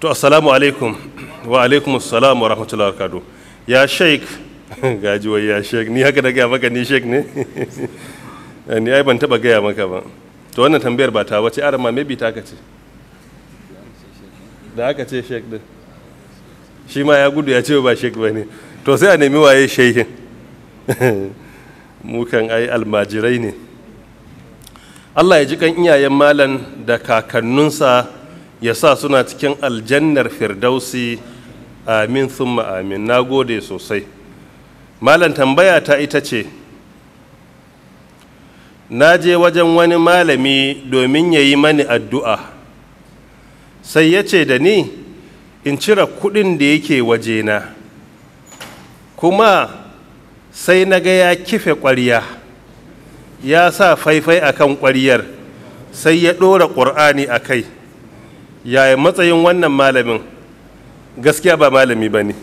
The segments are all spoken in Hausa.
to assalamu alaikum wa alaikum assalamu wa rahmatullahi barakatuh ya sheik gaji wai ya sheik ni haka da gaya maka ni sheik ne eh, ni ai ban taba gaya maka ba to wannan tambayar ba ta wace ma maybe ta kace da aka ce sheik din shi ma ya gudu ya ce ba sheik ba ne to sai a nemi waye sheikin mukan ai almajirai ne allah ya ji kan iyayen malan da kakanninsa ya sa suna cikin aljannar firdausi amin sun amin na gode sosai malam tambaya ta ita ce na je wajen wani malami domin ya yi mani addu'a sai ya ce da ni in cire kudin da yake wajena kuma sai na ga ya kife ƙwarya ya sa faifai akan ƙwaryar sai ya ɗora ƙur'ani a kai yaya matsayin wannan malamin gaskiya ba malami ba ne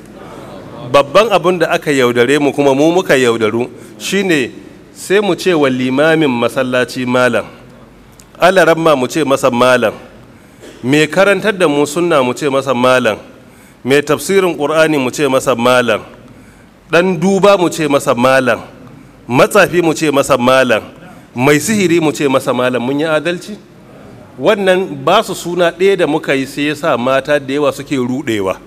babban abin da aka yaudare mu kuma mu muka yaudaru shine sai mu ce wa limamin masallaci malam alaramma mu ce masa malam mai karantar da mu sunna mu ce masa malam mai tafsirin ƙur'ani mu ce masa malam ɗan duba mu ce masa malam matsafi mu ce masa malam mai sihiri mu ce masa malam mun yi adalci? wannan ba su suna ɗaya da muka yi sai sa mata da yawa suke ruɗewa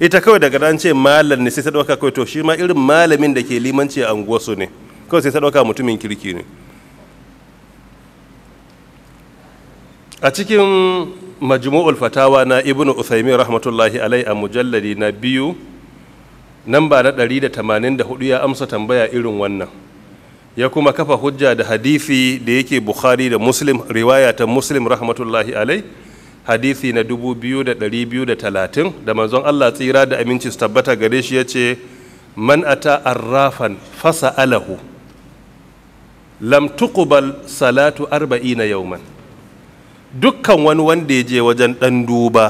ita kawai daga nan ce malam ne sai ta ɗauka kawai to shi ma irin malamin da ke limanci a unguwarsu ne kawai sai ta ɗauka mutumin kirki ne a cikin majmu'ul fatawa na ibnu usamin rahmatullahi alai a mujalladi na biyu nan ba na 184 ya amsa tambaya irin wannan ya kuma kafa hujja da hadithi da yake bukhari da muslim riwaya ta muslim rahmatullahi alai hadithi na 2230 da manzon allah tsira da aminci su tabbata gare shi ya ce man ata arrafan fasa alahu lam tuqbal salatu arba'ina man dukkan wani wanda ya je wajen ɗan duba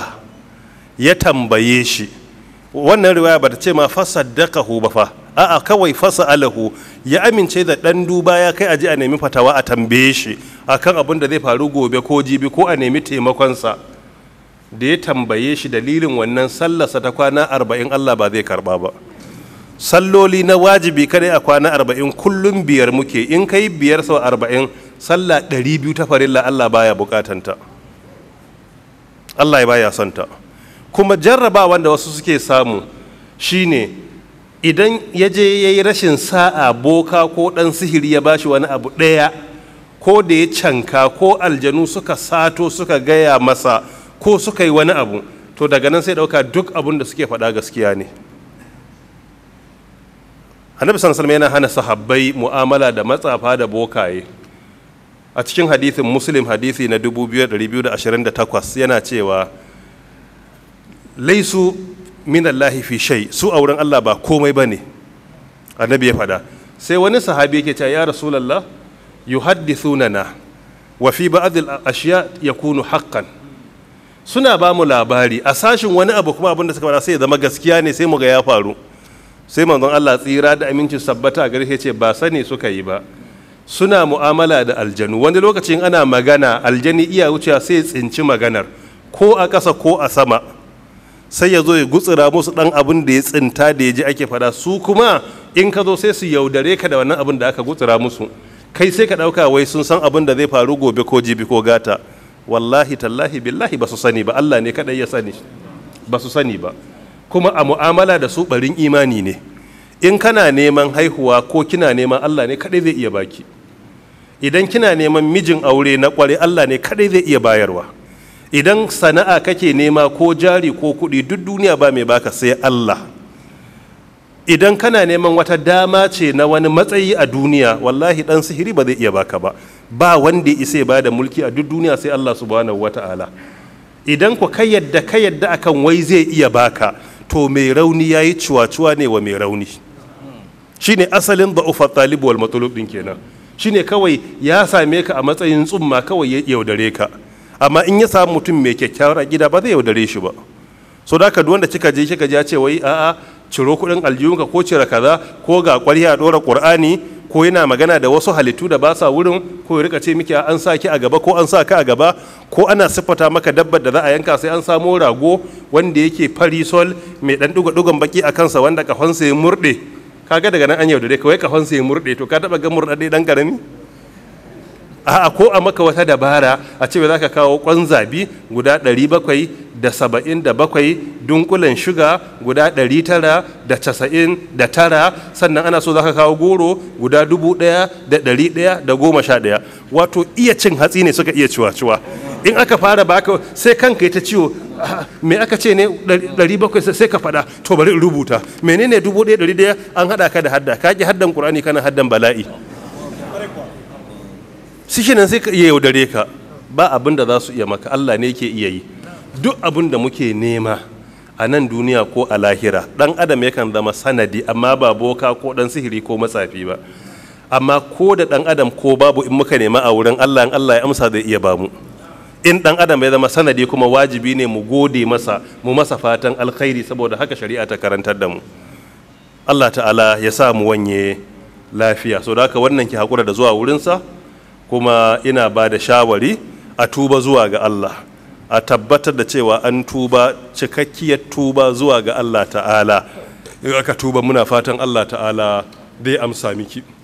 ya tambaye shi wannan riwaya ba ta ce ma fasaddaqahu ba fa a'a kawai fasa alahu ya amince da ɗan duba ya kai aji a nemi fatawa a tambaye shi akan abin da zai faru gobe ko jibi ko a nemi taimakonsa da ya tambaye shi dalilin wannan sallarsa ta kwana arba'in allah ba zai karba ba salloli na wajibi kadai a kwana arba'in kullum biyar muke in kai biyar sau arba'in sallah ɗari biyu ta farilla allah baya bukatanta allah ya baya santa kuma jarraba wanda wasu suke samu shine idan ya je ya yi rashin sa'a boka ko ɗan sihiri ya bashi wani abu ɗaya ko da ya canka ko aljanu suka sato suka gaya masa ko suka yi wani abu to daga nan sai ɗauka duk abin da suke faɗa gaskiya ne annabi sallallahu yana hana sahabbai mu'amala da matsafa da bokaye a cikin hadithin muslim hadithi na 2228 yana cewa laisu minallahi fi shai su auren wurin Allah ba komai bane annabi ya fada sai wani sahabi yake cewa ya rasulullah yuhaddithunana wa fi ba'd ashiya ya kunu hakan suna ba mu labari a sashin wani abu kuma abinda suka fada sai ya zama gaskiya ne sai mu ga ya faru sai manzon Allah tsira da amincin sabbata a gare ce ba sani suka yi ba suna mu'amala da aljanu wani lokacin ana magana aljani iya wucewa sai tsinci maganar ko a ƙasa ko a sama sai ya zo ya gutsura musu dan abin da ya tsinta da ya ji ake fada su kuma in ka zo sai su yaudare ka da wannan abin da aka gutsura musu kai sai ka dauka wai sun san abin da zai faru gobe ko jibi ko gata wallahi tallahi billahi ba su sani ba Allah ne kadai ya sani ba su sani ba kuma a mu'amala da su barin imani ne in kana neman haihuwa ko kina neman Allah ne kadai zai iya baki idan kina neman mijin aure na kware Allah ne kadai zai iya bayarwa idan sana'a kake nema ko jari ko kuɗi duk duniya ba mai baka sai Allah idan kana neman wata dama ce na wani matsayi a duniya wallahi dan sihiri ba zai iya baka ba ba wanda isa ba da mulki a duk duniya sai Allah subhanahu wata'ala idan ku ka yadda ka yadda akan wai zai iya baka to mai rauni yayi ciwaciwa ne wa mai rauni shine asalin da'ufa talib wal matlub din kenan shine kawai ya same ka a matsayin tsumma kawai ya yaudare ka amma in ya samu mutum mai kyakkyawar a gida ba zai yaudare shi ba so da ka duwanda kika je kika ja ce wai a'a ciro kuɗin aljihunka ko cire kaza ko ga ƙwarya ɗora ƙur'ani ko yana magana da wasu halittu da ba sa wurin ko ya rika ce miki an sa ki a gaba ko an sa ka a gaba ko ana siffata maka dabbar da za a yanka sai an samo rago wanda yake fari sol mai dan dugo dugon baki a kansa wanda kafansa ya murde kaga daga nan an yaudare kawai kafansa ya murde to ka taba ga murde dan karami a'a ko a maka wata dabara a ce za ka kawo kwan zabi guda 777 dunkulen shuga guda 999 sannan ana so za ka kawo goro guda 1111 wato iya cin hatsi ne suka iya ciwa-ciwa in aka fara baka sai kanka ita ta ciwo ah, me aka ce ne 700 sai ka fada to bari rubuta menene 1100 an hada ka da hadda ka ki haddan kurani kana haddan bala'i shi kenan sai ka iya yaudare ka ba abin da za su iya maka Allah ne ke iya yi duk abin da muke nema a nan duniya ko a lahira dan adam yakan zama sanadi amma ba boka ko dan sihiri ko matsafi ba amma ko da dan adam ko babu in muka nema a wurin Allah in Allah ya amsa zai iya ba mu in dan adam ya zama sanadi kuma wajibi ne mu gode masa mu masa fatan alkhairi saboda haka shari'a ta karantar da mu Allah ta'ala ya sa mu wanye lafiya so da haka wannan ki hakura da zuwa wurinsa kuma ina ba da shawari a tuba zuwa ga Allah a tabbatar da cewa an tuba cikakkiyar tuba zuwa ga Allah ta'ala in aka tuba muna fatan Allah ta'ala dai amsa miki